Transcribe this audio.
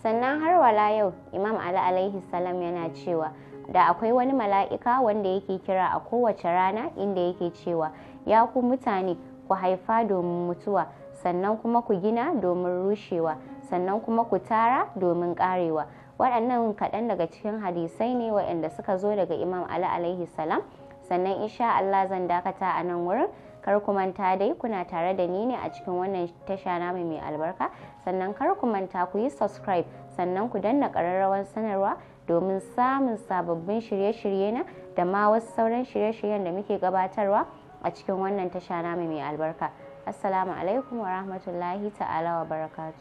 sannan har wala yau imam ali alaihi salam yana cewa da akwai wani mala'ika wanda yake kira a kowace rana inda yake cewa ya ku mutane ku haifa domin mutuwa sannan kuma ku gina domin rushewa sannan kuma ku tara domin karewa waɗannan kaɗan daga cikin hadisai ne waɗanda suka zo daga imam ali alaihi salam sannan insha allah zan dakata a nan wurin kar ku manta dai kuna tare da ni ne a cikin wannan tasha namu mai albarka sannan kar ku manta ku yi subscribe sannan ku danna ƙararrawar sanarwa domin samun sababbin shirye-shirye na da ma wasu sauran shirye-shiryen da muke gabatarwa a cikin wannan tasha namu mai albarka assalamu alaikum wa rahmatullahi ta'ala wa barakatu